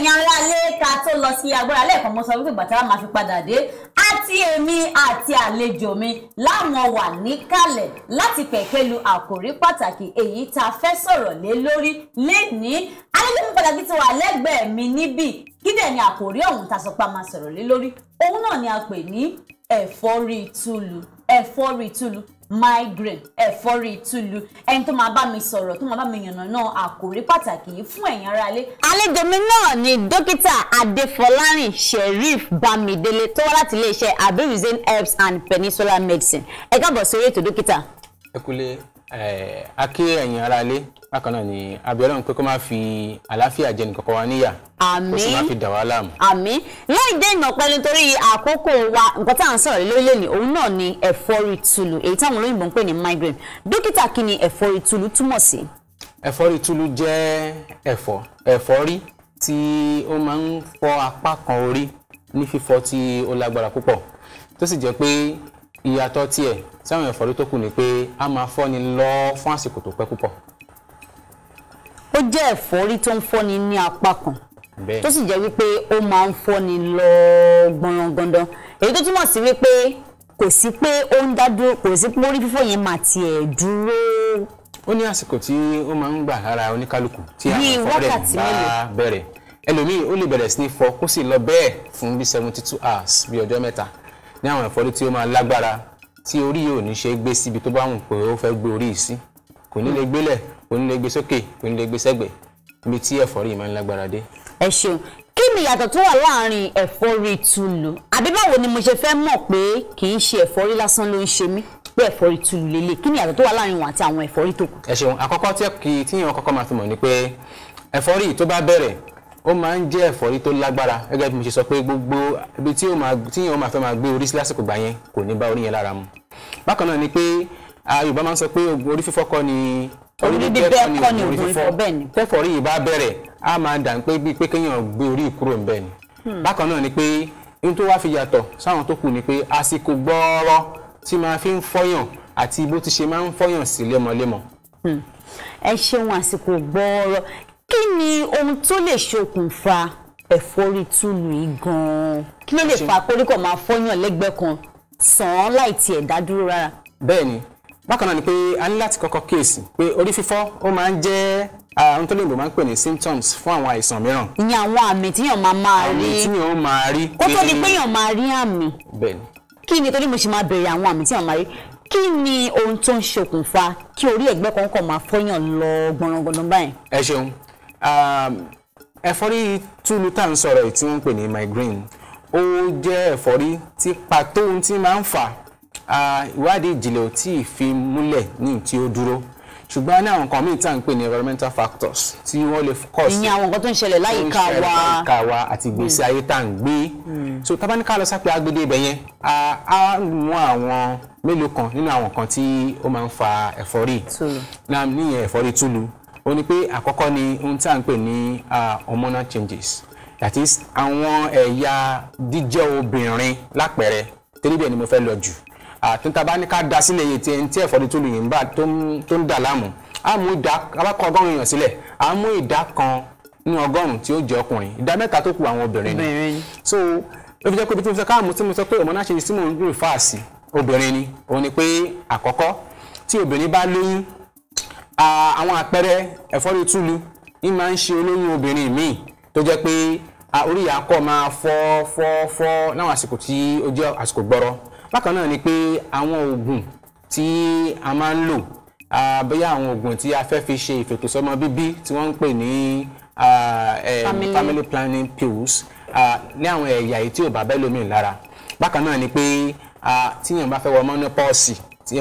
ẹ̀yin ará lé ká tó lọ sí agbára lẹ́ẹ̀kan mo sọ wípé bàtà máa fi padà dé àti èmi àti àlejò mi láwọn wà níkàlẹ̀ láti pẹ̀kẹ́lu àkòrí pàtàkì èyí tá a fẹ́ sọ̀rọ̀ lé lórí lénìí alẹ́lẹ́ pàtàkì ti wà lẹ́gbẹ̀ẹ́ mi níbí kí dẹ̀ ni àkòrí ọ̀hún tá a máa sọ̀rọ̀ lé lórí òun náà ni a pè ní ẹ̀fọ́rí túlù ẹ̀fọ́rí túlù migraine ẹ̀fọ́rí túlù ẹni tó máa bá mi sọ̀rọ̀ tó máa bá mi yànnàná àkòrí pàtàkì yìí fún ẹ̀yin aráalé. àlejò mi náà ni dókítà adéfọlárìn sheriff bámidélé tó wá láti iléeṣẹ́ abirizin herbs and peninsular medicine ẹ káàbọ̀ sórí ètò dókítà. ẹ kúlé ẹ akí ẹ̀yin aráalé bákan ni abiola ń pé kó má fi àlàáfíà jẹ nìkan kan wa níyà kó sì má fi dà wá láàmú. àmín láì dé ìmọ̀ nítorí àkókò wa nǹkan tá à ń sọ̀rọ̀ lórí lónìí òun náà ni ẹ̀fọ́rí tulu èyí táwọn olóyìnbó ń pè ní migraine dókítà kí ni ẹ̀fọ́rí tulu túmọ̀ sí. ẹ̀fọ́rí tulu jẹ́ ẹ̀fọ́ ẹ̀fọ́rí tí ó máa ń fọ apá kan orí ní fífọ́ tí ó lágbára púpọ̀ tó sì jẹ́ pé ìyàtọ̀ tiẹ̀ sáwọn ẹ̀fọ́rí tó kù ni pé a máa fọ́ni lọ fún àsìkò tó pẹ́ púpọ̀ ó jẹ́ ẹ̀fọ́rí tó ń fọ́ni ní apá kan tó sì jẹ́ wípé ó máa ń fọ́ni lọ gbọ̀nrangandan èyí tó túmọ̀ sí wípé kò sí pé ó ń dá dúró kò sí pé orí fífọ́ yẹn máa tiẹ̀ dúró. ó ní àsìkò tí ó máa ń gbà lára oníkálukú tí àwọn ọ̀rẹ́ bá bẹ̀rẹ̀ ẹlòmíì ó lè bẹ̀rẹ̀ sí ní fọ́ kó sì lọ bẹ́ẹ̀ fún bí seventy two hours bí ọjọ́ mẹ́ta ní àwọn ẹ̀fọ́rí tí ó máa lágbára tí orí yóò ní ṣe gbé síbi tó bá wù pé ó fẹ́ gbé orí yìí sí kò ní lè gbélẹ̀ kò ní lè gbé sókè kò ní lè gbé sẹ́gbẹ̀ ibi tí ẹ̀fọ́rí máa ń lágbára dé. ẹ ṣeun kí ni ìyàtọ̀ tó wà láàárín ẹ̀fọ́rí túlù àbí báwo ni mo ṣe fẹ́ mọ̀ pé kì í ṣe ẹ̀fọ́rí lásán ló ń ṣe mí pé ẹ̀fọ́rí túlù lélẹ̀ kí ni ìyàtọ̀ tó wà láàárín wọn àti àwọn ẹ̀fọ́rí tó kù. ẹ ṣeun àkọ́kọ́ tí èèyàn kọ́kọ́ máa fi mọ̀ ni pé ẹ̀fọ́rí tó bá bẹ̀rẹ̀ ó máa ń jẹ́ ẹ̀fọ́rí tó lágbára gẹ́gẹ́ bí mo ṣe sọ pé gbogbo ibi tí èèyàn máa fẹ́ máa gbé orí sí lásìkò gbà yẹn kò ní bá orí yẹn lára mu bákan náà ni pé Yorùbá máa ń sọ pé orí fífọ́ ni orí bíbẹ́ kọ́ ni ògùn ìfọ̀ bẹ́ẹ̀ ni. tẹ́fọ̀rí yìí bá bẹ̀rẹ̀ a máa dà pé bíi pé kéèyàn gbé orí kúrò ń bẹ́ẹ̀ ni. Hmm. bákan náà ni pé ohun tó wá fi yàtọ̀ sáwọn tó kù ni pé àsìkò gbọ́ọ́rọ́ tí máa fi ń fọ́yàn àti bó ti ṣe máa ń fọ́yàn sí lémọ́lémọ́. Hmm. ẹ ṣeun àsìkò gbọ́ọ́rọ́ kí ni ohun tó lè ṣokùnfà ẹ̀fọ́rí túlù yìí gan-an kí ló lè fa koríkọ̀ máa fọ́yàn lẹ́gbẹ̀ẹ́ kan sàn án láì tiẹ̀ dádúró rárá. bẹ́ẹ̀ ni bákan náà ni pé a ní láti kọ́kọ́ kíyèsí pé orí fífọ́ ó máa ń jẹ́ àwọn tó lóyìnbó máa ń pè ní symptoms fún àwọn àìsàn mìíràn. ìyẹn àwọn àmì tíyàn máa máa rí àmì tíyàn máa rí. kó tó di pé yàn máa rí àmì. bẹ́ẹ̀ni. kí ni torí mo ṣe máa bèrè àwọn àmì tíyàn máa rí kí ni ohun tó ń ṣokùnfà kí orí ẹ̀gbẹ́ kan kàn máa fọ́yàn lọ gbọ̀nrangbọ̀nran báyìí. ẹ ṣeun ẹ̀fọ́rí túlù tá à ń sọ̀rọ̀ tí wọ́n ń pè ní migraine ó jẹ́ ẹ̀fọ́rí tí pàtó ohun tí máa ń fà ìwádìí ìjìnlẹ̀ ò tí ì fi múlẹ̀ ní tí ó dúró ṣùgbọ́n ní àwọn nǹkan míì tá à ń pè ní environmental factors tí wọ́n lè kọ́ sí. ìyẹn àwọn nǹkan tó ń ṣẹlẹ̀ láyìíká wa tó ń ṣẹlẹ̀ láyìíká wa àti ìgbésí hmm. ayé tá à ń gbé. Hmm. so tá bá ní ká lọ sápẹ́ agbede ibẹ̀ yẹn a mú àwọn mélòó kan nínú àwọn nǹkan tí ó máa ń fa ẹ̀fọ́rí níyẹn ẹ̀fọ́rí túlu ó ní pé àkọ́kọ́ ni ohun tá à ń pè ní hormonal changes that is àwọn ẹ̀yà jíjẹ́ obìnrin lápẹ̀rẹ̀ torí bẹ́ẹ̀ ni mo fẹ́ lọ jù àtúntà bá ní ká da sílẹ̀ yìí tí ẹni tí ẹ̀fọ́ tó lu yìí ń bá tó ń dà láàmú á mú ìdá abákan ọgọ́rùn-ún èèyàn sílẹ̀ á mú ìdá kan nínú ọgọ́rùn-ún tí ó jẹ́ ọkùnrin ìdá mẹ́ta tó kù àwọn obìnrin ni so ó fi jẹ́ pé bí mo sọ káàmù tí mo sọ pé ọmọ náà ṣe ní símò ń gbìn fáàsì obìnrin ni òun ni pé àkọ́kọ́ tí obìnrin bá lóyún àwọn àpẹẹrẹ ẹ̀fọ́rí túlu ní máa ń ṣe olóyún obìnrin míì tó jẹ́ pé orí ìyá kọ́ máa fọ́ fọ́ fọ́ láwọn àsìkò tí ó jẹ́ àsìkò gbọ́rọ̀ bákan náà ni pé àwọn oògùn tí a máa ń lò bóyá àwọn oògùn tí a fẹ́ fi ṣe ìfètòsọ́mọ bíbí tí wọ́n ń pè ní family planning pills ní àwọn ẹ̀yà èyí tí ò bá bẹ́ẹ̀ lómi lára bákan náà ni pé tíyàn bá fẹ́ wọ mọ́nọ́pọ́ọ̀sì tí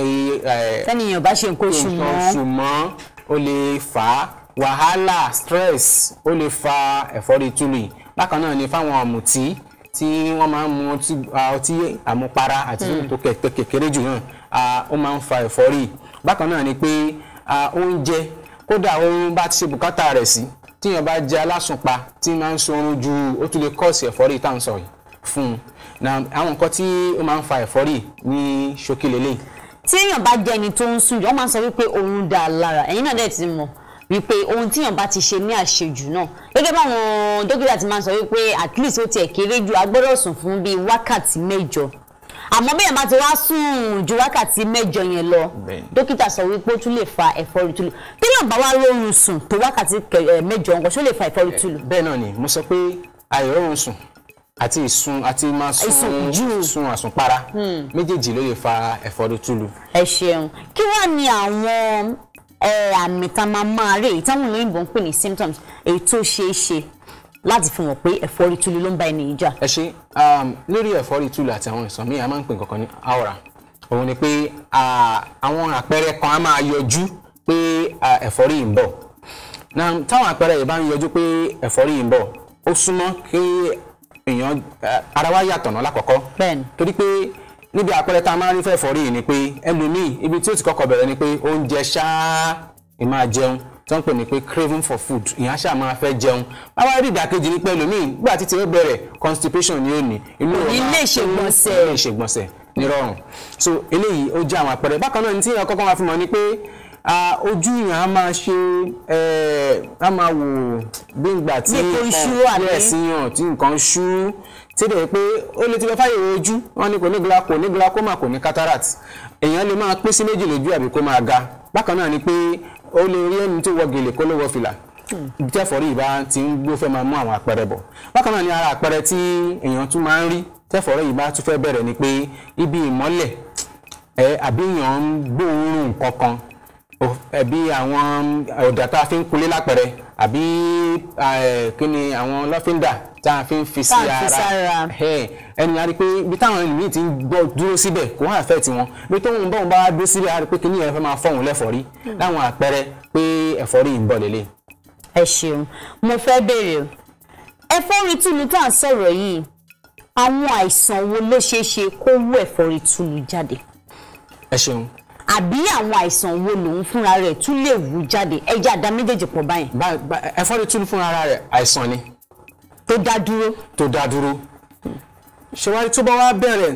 tẹ́nìyàn bá ṣe nǹkan oṣù mọ́ ó lè fà á wàhálà stress o lè fa ẹ̀fọ́rí túlù bákan náà ni fáwọn ọ̀mùtí tí wọ́n máa ń mu ọtí àmupara àti hmm. tó kékeré jù náà ó máa ń fa ẹ̀fọ́rí bákan náà ni pé oúnjẹ kódà oorun bá ti ṣe bùkátà rẹ̀ sí tíyàn bá jẹ alásùnpa tí máa ń sorun ju ó tún lè kọ́ọ̀sì ẹ̀fọ́rí tá à ń sọ yìí fún un na àwọn nǹkan tí ó máa ń fa ẹ̀fọ́rí ní ṣókí lélẹ́yìn. tíyàn bá jẹ ẹni tó ń sùn jọ máa ń sọ wípé oorun dáa lára ẹ̀yin náà dẹ̀ ti mọ̀ wípé ohun tíyàn bá ti ṣe ní àṣejù náà gẹ́gẹ́ báwọn dókítà ti máa ń sọ wípé at least ó tiẹ̀ kéré ju a gbọ́dọ̀ sùn fún bíi wákàtí mẹ́jọ àmọ́ bẹ́ẹ̀ máa ti wá sùn ju wákàtí mẹ́jọ yẹn lọ dókítà sọ wípé ó tún lè fa ẹ̀fọ́rí túlù téèyàn bá wá lóorun sùn tó wákàtí mẹ́jọ nǹkan ṣó lè fa ẹ̀fọ́rí túlù. bẹ́ẹ̀ náà ni mo sọ pé àìrọ́rùn sùn àti ìsun àti máa sun sun àsùnpara hmm. méjèèjì ló lè fa ẹ̀fọ́rí túlù. ẹ ṣeun kí wàá ní àwọn àmì tá a máa máa rí èyí táwọn olóyìnbó ń pè ní symptoms èyí tó ṣeé ṣe láti fi hàn pé ẹ̀fọ́rí túlú ló ń bá ẹni ìjà. ẹ ṣe um, lórí ẹ̀fọ́rí túlú àti àwọn ìsàn a máa ń pè kankan ní aura òun ni pé àwọn àpẹẹrẹ kan a máa yọjú pé ẹ̀fọ́rí ń bọ̀ táwọn àpẹẹrẹ yìí bá ń yọjú pé ẹ̀fọ́rí ń bọ̀ ó súnmọ́ kí èèyàn ara wa yàtọ̀ náà lákọ̀ọ́kọ́ torí pé níbi àpẹẹrẹ tá a máa ń rí fẹ́ fọ́rí yìí ni pé ẹlòmíì ibi tí ó ti kọ́kọ́ bẹ̀rẹ̀ ni pé oúnjẹ ṣáá ìmáa jẹun tó ń pè ní pé craving for food ìyẹn aṣáà máa fẹ́ jẹun báwa rí ìdàkejì ní pé ẹlòmíì nígbà tí tiwọn bẹ̀rẹ̀ constipation ni ó ní inú ọ̀la ilé ìṣègbọ̀nsẹ̀ nírọ̀rùn so eléyìí ó jẹ́ àwọn àpẹẹrẹ bákan náà ní tí ìyẹn kọ́kọ́ máa fi mọ̀ ni pé ojú yẹn á máa ṣe á máa wò bí ìgbà tí nǹkan ṣú síbẹ̀ pé ó lè ti fẹ́ fáyè ojú wọn ni kò ní gla kò ní glaucoma kò ní cataract èèyàn lè máa pín sí méjì lójú àbí kó máa ga bákan náà ni pé ó lè rí ẹni tó wọ gèlè kó ló wọ fìlà tí ẹ̀fọ́rí ìbá ti ń gbó fẹ́ máa mú àwọn àpẹẹrẹ bọ̀ bákan náà ni ara àpẹẹrẹ tí èèyàn tún máa ń rí tẹ́fọ̀rẹ́ yìí tún fẹ́ bẹ̀rẹ̀ ni pé ibi ìmọ́lẹ̀ ẹ àbí èèyàn ń gbóòórùn nǹkan kan ẹbí àwọn ọ̀dà tá a fi ń kunlé lápẹẹrẹ àbí kí ni àwọn lọ́fíńdà tá a fi ń fi sí ara ẹni a rí pé ibi táwọn ẹlòmíì ti ń gbọ́ dúró síbẹ̀ kò wọ́n àfẹ́ tiwọn bí tóun bá wọn bá dúró síbẹ̀ a rí pé kíní yẹn fẹ́ máa fọ́hùn lẹ́fọ̀rí hmm. láwọn àpẹẹrẹ pé ẹ̀fọ́rí ń bọ̀ lélẹ̀. ẹ ṣeun mo fẹ́ béèrè ẹ̀fọ́rí túlù tá à ń sọ̀rọ̀ yìí àwọn àìsàn wo ló ṣeé ṣe kó wú ẹ̀fọ́rí túlù jáde. ẹ ṣeun àbí àwọn àìsàn wo lòun fúnra rẹ̀ tún lè wú jáde ẹja tó dá dúró. tó dá dúró ṣèwádìí tó bá wá bẹ̀rẹ̀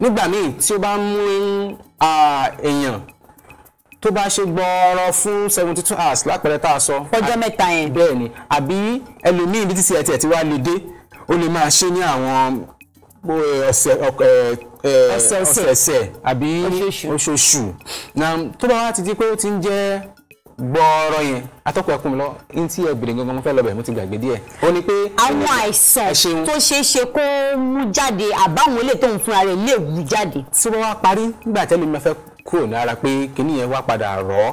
nígbà míì tí ó bá mú èèyàn tó bá ṣe gbọ́ọ̀rọ̀ fún seventy two hours lápẹẹrẹ tá a sọ. ọjọ́ mẹ́ta yẹn. bẹ́ẹ̀ ni àbí ẹlòmíì bí ti ṣe ẹ̀tì ẹ̀tì wá lè dé ó lè máa ṣe ní àwọn ọ̀sẹ̀ ọ̀sẹ̀ ọ̀sẹ̀ àbí oṣooṣù. tó bá wá ti di pé ó ti ń jẹ́ gbọ́ọ̀rọ̀ yẹn atọ́kọ̀ ẹkún mi lọ ní tí ẹ bèrè gangan mo fẹ́ lọ bẹ̀ mo ti gbàgbé díẹ̀. ó ní pé àwọn àìsàn tó ṣeé ṣe kó mú jáde àbáwọn ilé tó ń fúnra rẹ̀ lè wú jáde. tí wọ́n wá parí nígbà tẹ́lẹ̀ mi fẹ́ kúrò lára pé kíní yẹn wá padà rọ̀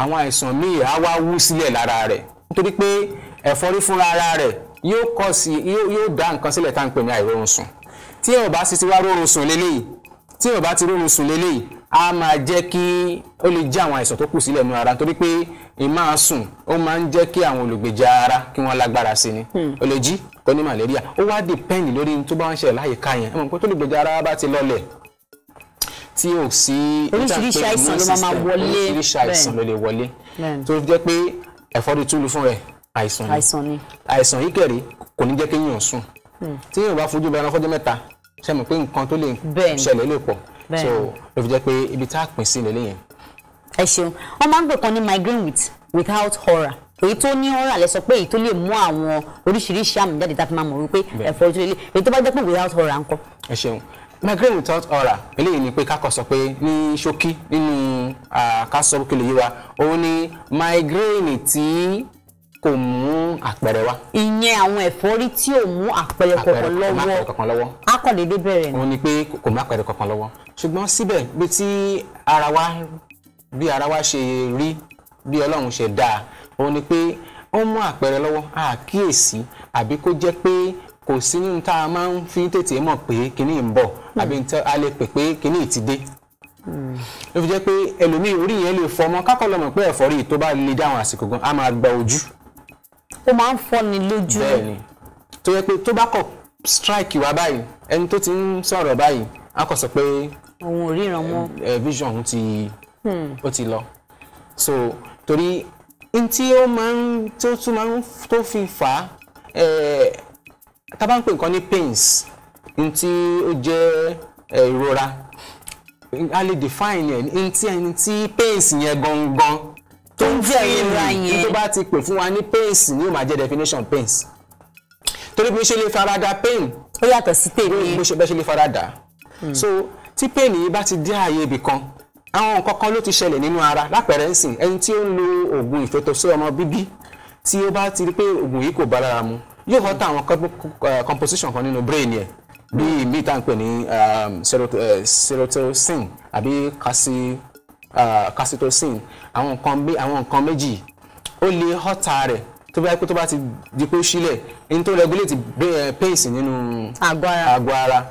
àwọn àìsàn míì á wá wú sílẹ̀ lára rẹ̀ nítorí pé ẹ̀fọ́rí fúnra ara rẹ̀ yóò kọ́ sí yóò dá nǹkan sílẹ̀ tá à pè ní àìrórun sùn tí ẹ ò bá sì ti wá rórun sùn lélẹ́yìí tí ò bá ti rórun sùn lélẹ́yìí a máa jẹ́ kí ó lè jẹ́ àwọn àìsàn tó kù sílẹ̀ nínú ara torí pé ìmáa sùn ó máa ń jẹ́ kí àwọn olùgbèjà ara kí wọ́n lágbára sí ni ó hmm. lè jí kó ní malaria ó wá dìpẹ́ǹdì lórí tó bá ń ṣẹlẹ̀ láyìíká yẹn ẹ̀mọ̀ pé tó olùgbèjà ara bá ti lọlẹ̀ tí ò sí oríṣiríṣi àìsàn ló máa wọlé oríṣiríṣi àìsàn ló lè wọlé tó jẹ́ pé ẹ̀fọ́rí túlù fún rẹ̀ àìsàn ni àìsàn yìí kẹ̀rí kò ní jẹ́ kéèyàn sùn hmm. tí èèyàn bá fojú bẹ̀rẹ̀ ṣe mọ̀ pé nǹkan tó lè ṣẹlẹ̀ lè pọ̀ so ló fi jẹ́ pé ibi tá a pín sí lélẹ̀ yẹn. ẹ ṣeun wọn máa ń gbé kan ní migraine with without horror èyí tó ní horror lẹ sọ pé èyí tó lè mú àwọn oríṣiríṣi àmì jáde tá a fi máa mọ̀ wípé ẹ̀fọ́ ojú lélẹ̀ èyí tó bá jẹ́ pé without horror ń kọ́. ẹ ṣeun migraine without aura eléyìí ni pé kákọ sọ pé ní ṣókí nínú àkásọ kí lè yé wa òun ni migraine tí kò mú àpẹẹrẹ wá. ìyẹn àwọn ẹ̀fọ́rí tí ò mú àpẹẹrẹ kankan lọ́wọ́ kàn déédé bẹ̀rẹ̀ ni. òun ni pé kò má pẹ̀rẹ̀ kankan lọ́wọ́ ṣùgbọ́n síbẹ̀ bí tí ara wa bí ara wa ṣe rí bí ọlọ́run ṣe dáa òun ni pé ó mú àpẹẹrẹ lọ́wọ́ àkíyèsí àbí kó jẹ́ pé kò sí nínú tá a máa ń fi tètè mọ̀ pé kinní ń bọ̀ àbí hmm. a lè pè pé kinní ti dé hmm. ló fi jẹ́ pé ẹlòmíì orí yẹn lè fọmọ kákọ́ lọ́mọ pé ẹ̀fọ́rí tó bá le dáhùn àsìkò gan a máa gba ojú. ó máa ń fọ́ni lójú. bẹ́ẹ̀ni tó yẹ pé tó bá kọ̀ strike wa báyìí ẹni tó ti ń sọ̀rọ̀ báyìí a kò sọ pé òun ò ríran mọ́ vision òun ti hmm. ó ti lọ so torí n tí ó máa ń tó tún máa ń tó fi fà á tá a bá ń pè nǹkan ní pains n tí ó jẹ́ ìrora a lè define ẹ̀ n tí ẹni tí pains yẹn gangan tó ń jẹ́ ìrora yẹn tó bá ti pè fún wa ní pains ni ó definition pains torí bí mo ṣe lè farada pain ó yàtọ̀ sí pain bí mo ṣe bẹ́ẹ̀ ṣe lè farada hmm. so tí pain yìí bá ti dé ààyè ibì kan àwọn nǹkan kan ló ti ṣẹlẹ̀ nínú ara lápẹ̀rẹ̀ ń sìn ẹni tí ó ń lo oògùn ìfètòsí ọmọ bíbí tí ó bá ti rí pé oògùn yìí kò bá lára mu yóò họ́ta àwọn eh, composition kan nínú brain yẹn bíi bíi tá à ń pè ní um, serotonin eh, àbí ah, casitocin àwọn nǹkan méjì ó lè họ́ta rẹ̀ tó bá yẹ kó tó bá ti di pé ó sílẹ̀ ní tó regulate pace nínú àgọ́ ara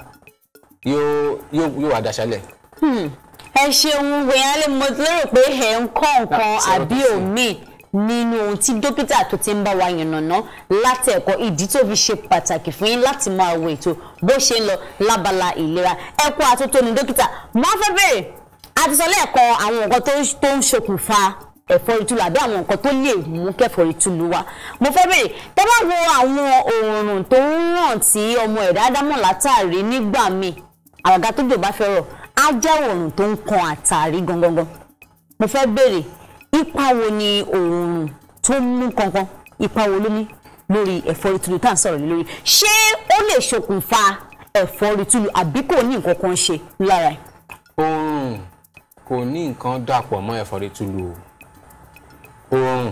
yóò yóò wà dàṣálẹ̀. Hmm. ẹ ṣeun wẹ̀yálẹ̀ mo lérò pé ẹ̀ ń kọ́ nǹkan ah, àbí òmíì nínú ohun tí dókítà tó ti ń bá wa yànnàná láti ẹ̀kọ́ ìdí tó fi ṣe pàtàkì fún yín láti máa wo ètò bó ṣe ń lọ lábala ìlera ẹ̀kọ́ àtúntò ní dókítà mo fẹ́ bẹ̀rẹ̀ a sọ lẹ́ẹ̀kan àwọn nǹkan tó ń ṣokùnfà ẹ̀fọ́ ìtulù àbí àwọn nǹkan tó lè mú kẹ́fọ́ ìtulù wa mo fẹ́ bèèrè tẹ́ bá wo àwọn òòrùn tó ń ràn tí ọmọ ẹ̀dá ádámọ̀ látàrí nígbà míì àwàgà tó jò bá fẹ́ rọ̀ á jẹ́ òòrùn tó ń kan àtàrí gangan mo fẹ́ bèèrè ipa wo ni òòrùn tó mú kankan ipa wo ló ní lórí ẹ̀fọ́ ìtulù tá à ń sọ̀rọ̀ lórí ṣé ó lè ṣokùnfà ẹ̀fọ́ ìtulù àbí kò ní nǹkan kan ṣe lára ẹ̀. òòrùn kò ní nǹkan dàpọ̀ mọ́ ẹ̀fọ́ ìtulù o oorun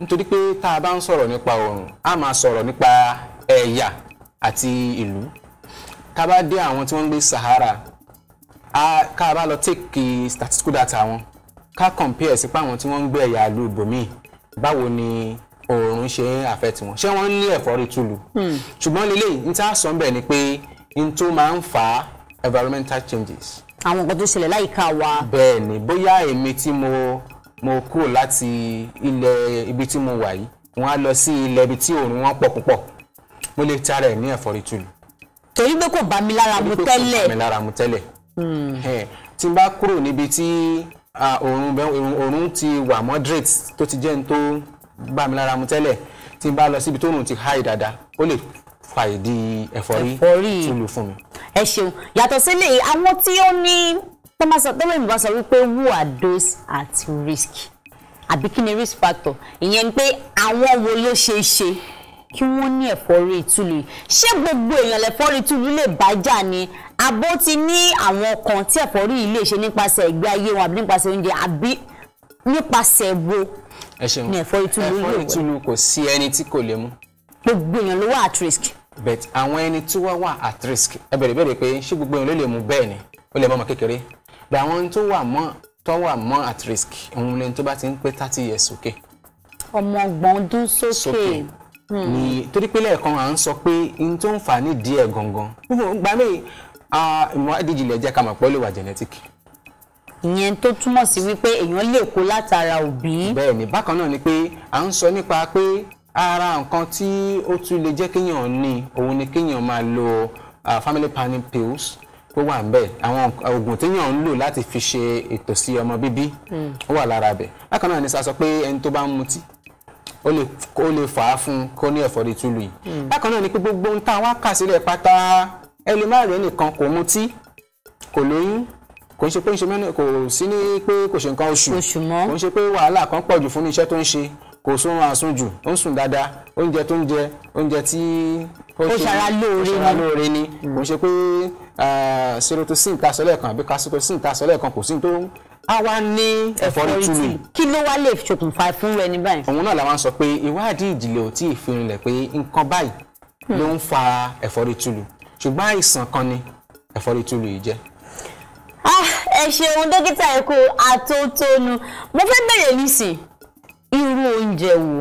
nítorí pé tá a bá ń sọ̀rọ̀ nípa oorun a máa sọ̀rọ̀ nípa ẹ̀yà àti ìlú ká bá dé àwọn tí wọ́n ń gbé Sahara ká bá lọ take statistical data wọn ká compare sí páwọn tí wọ́n ń gbé ẹ̀yà ìlú ibòmíì báwo ni oorun ṣe ń affect wọn ṣé wọ́n ní ẹ̀fọ́rí túlù hmm. ṣùgbọ́n lélẹ́yìí ní tá a sọ ń bẹ̀ ni pé n tó máa ń fa environmental changes. àwọn nǹkan tó ṣẹlẹ̀ láyìíká wa. bẹ́ẹ̀ bóyá èmi tí mo mo kúrò láti ilẹ̀ ibi tí mo wà yìí wọ́n á lọ sí ilẹ̀ ibi tí òórùn wọn pọ̀ púpọ̀ mo lè tara ẹ̀ ní ẹ̀fọ́rí tùlù. torí pé kò bá mi lára mu tẹ́lẹ̀. kò bá mi lára mu tẹ́lẹ̀. Hmm. tí n bá kúrò níbi tí òórùn ti wà moderate tó ti jẹ́ n tó bá mi lára mu tẹ́lẹ̀ tí n bá lọ síbi tó òórùn ti high dáadáa ó lè fa ìdí ẹ̀fọ́rí tùlù fún mi. ẹ ṣeun yàtọ̀ sílẹ̀ àwọn tí ó ní tọ́lọ́yìn bá sọ wípé who are those at risk àbí kí ni risk factor ìyẹn ni pé àwọn wo ló ṣe é ṣe kí wọ́n ní ẹ̀fọ́rí ìtúlù ṣé gbogbo èèyàn lẹ̀fọ́rí ìtúlù lè bá jà ni abó ti ní àwọn kan tí ẹ̀fọ́rí yìí lè ṣe nípasẹ̀ ìgbé ayé wọn àbí nípasẹ̀ oúnjẹ àbí nípasẹ̀ wo ni ẹ̀fọ́rí ìtúlù lè wẹ̀. ẹ̀fọ́rí ìtúlù kò sí ẹni tí kò lè mú. gbogbo èèyàn ló wà at risk. but àwọn ẹni tó wá wà at risk ẹ bẹ̀rẹ̀ bẹ̀rẹ̀ pé ṣé gbogbo èèyàn ló lè mú bẹ́ẹ̀ ni ó lè mọ́ ọmọ kékeré pé àwọn tó wà mọ́ tó wà mọ́ at risk òun lẹni tó bá ti ń pé thirty years sókè. ọmọ ọgbọ̀n ọdún sókè. Hmm. ni torí pé lẹ́ẹ̀kan à ń sọ pé n tó ń fà ní díẹ̀ gangan gba mi ìwádìí ìjìnlẹ̀ jẹ́ ká mọ̀ pé ó lè wà genetic. ìyẹn tó túmọ̀ sí wípé èèyàn lè kó látara òbí. bẹ́ẹ̀ ni bákan náà ni pé à ń sọ nípa pé ara nǹkan tí ó tún lè jẹ́ kéèyàn ní òun ni kéèyàn máa lo family planning pills ó wà ńbẹ̀ àwọn oògùn téèyàn ń lò láti fi ṣe ètò sí ọmọ bíbí ó wà lára bẹ̀ bákan náà ni sá sọ pé ẹni tó bá ń mutí ó lè ó lè fà á fún kó ní ẹ̀fọ́rí túlù yìí hmm. bákan náà ni pé gbogbo ohun tá a wá kà sílẹ̀ pátá ẹni má rèé nìkan kò mutí kò lóyún kò ń ṣe pé ń ṣe mẹ́nu kò sí ní pé kò ṣe nǹkan oṣù kò ń ṣe pé wàhálà kan pọ̀jù fún iṣẹ́ tó ń ṣe kò sún àsùn jù ó ń sùn dáadáa oúnjẹ tó ń jẹ oúnjẹ tí ó ṣara lóore ni hmm. kò ṣe pé serotonin tá a sọ lẹ́ẹ̀kan àbí casitosin tá a sọ lẹ́ẹ̀kan kò sí tó a wá ní ẹ̀fọ́rí túlù. kí ló wá lè ṣokùnfà fún ẹni báyìí. òun náà làwọn sọ pé ìwádìí ìjìnlẹ̀ ò tí ì fi rinlẹ̀ pé nǹkan báyìí ló ń fa ẹ̀fọ́rí túlù ṣùgbọ́n àìsàn kan ni ẹ̀fọ́rí túlù yìí jẹ́. Ah, ẹ ṣeun dókítà ẹ kú àtótónu mo fẹ́ bẹ̀rẹ̀ nísìn irú oúnjẹ wo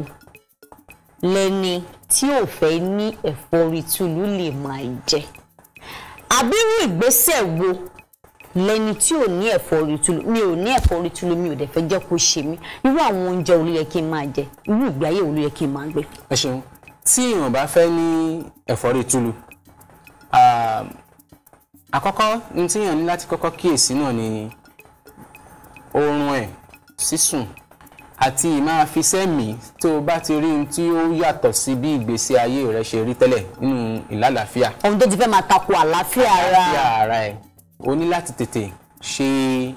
lẹni tí ò fẹ́ ní ẹ̀fọ́rí túlù lè máa jẹ àbírú ìgbésẹ̀ wo lẹni tí ò ní ẹ̀fọ́rí tulu mi ò ní ẹ̀fọ́rí tulu mi ò dẹ̀ fẹ́ jẹ́ kó ṣe mí irú àwọn oúnjẹ wo ló yẹ kí n máa jẹ irú ìgbé ayé wo ló yẹ kí n máa gbé. ẹ ṣeun tí èèyàn bá fẹ́ ní ẹ̀fọ́rí tulu àkọ́kọ́ ní tí èèyàn ní láti kọ́kọ́ kíyèsí náà ni oorun ẹ̀ sísùn àti ìmáa fi sẹ́mì tó o bá ti rí ohun tí ó yàtọ̀ sí bí ìgbésí ayé rẹ ṣe rí tẹ́lẹ̀ nínú ìlàlàáfíà. ohun tó ti fẹ́ máa tako àlàáfíà ara. àlàáfíà ara ẹ o ní láti tètè ṣe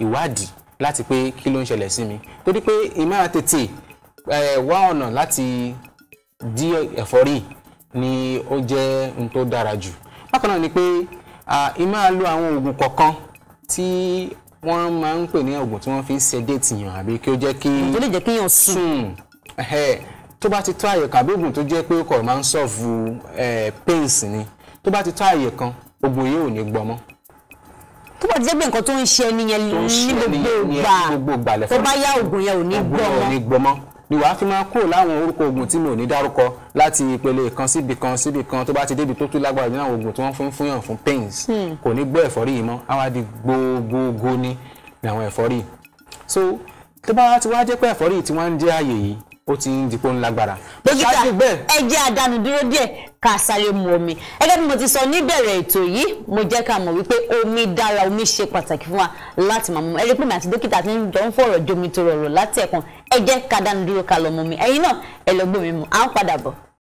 ìwádìí láti pé kí ló ń ṣẹlẹ̀ sí mi torí pé ìmáa wá ọ̀nà láti dí ẹ̀fọ́rí ni ó jẹ́ ohun tó dára jù bákan náà ni pé ìmáa lo àwọn oògùn kọ̀ọ̀kan tí wọ́n máa ń pè ní oògùn tí wọ́n fi ń sedate yàn àbí kí ó jẹ́ kí tó lè jẹ́ kí yàn sùn tó bá ti tó àyè kan àbí oògùn tó jẹ́ pé ó kọ̀ máa ń sọ̀fù pains ni tó bá ti tó àyè kan oògùn yìí ò ní gbọmọ tó bá jẹ́ pé nǹkan tó ń ṣe ẹni yẹn ní gbogbo ìgbà tó bá yá oògùn yẹn ò ní gbọmọ ni wàá fi máa kúrò láwọn orúkọ oògùn tí mi ní dárúkọ láti ìpele kan síbi kan síbi kan tó bá ti débi tó tún lágbára nínú àwọn oògùn tí wọ́n fún fún yàn fún pains hmm. kò ní gbọ́ ẹ̀fọ́rí yìí mọ́ á wá gbogbogbò ní àwọn ẹ̀fọ́rí so tó bá ti wá jẹ́ pé ẹ̀fọ́rí tí wọ́n ń jẹ́ àyè yìí ó ti ń dipò ńlágbára. dókítà ẹ jẹ́ àdánù dúró díẹ̀ ká sáré mu omi gẹ́gẹ́ bí mo ti sọ níbẹ̀rẹ̀ ètò yìí mo jẹ́ ká mọ̀ wípé omi dára omi ṣe pàtàkì fún wa láti máa mu ẹ rí pé mi àti dókítà ti ń jọ ń fọ̀rọ̀ jomi tó rọrùn láti ẹ̀kan ẹ jẹ́ ká dánu dúró ká lọ mu omi ẹ̀yin náà ẹ lọ gbómi mu à ń padà bọ̀.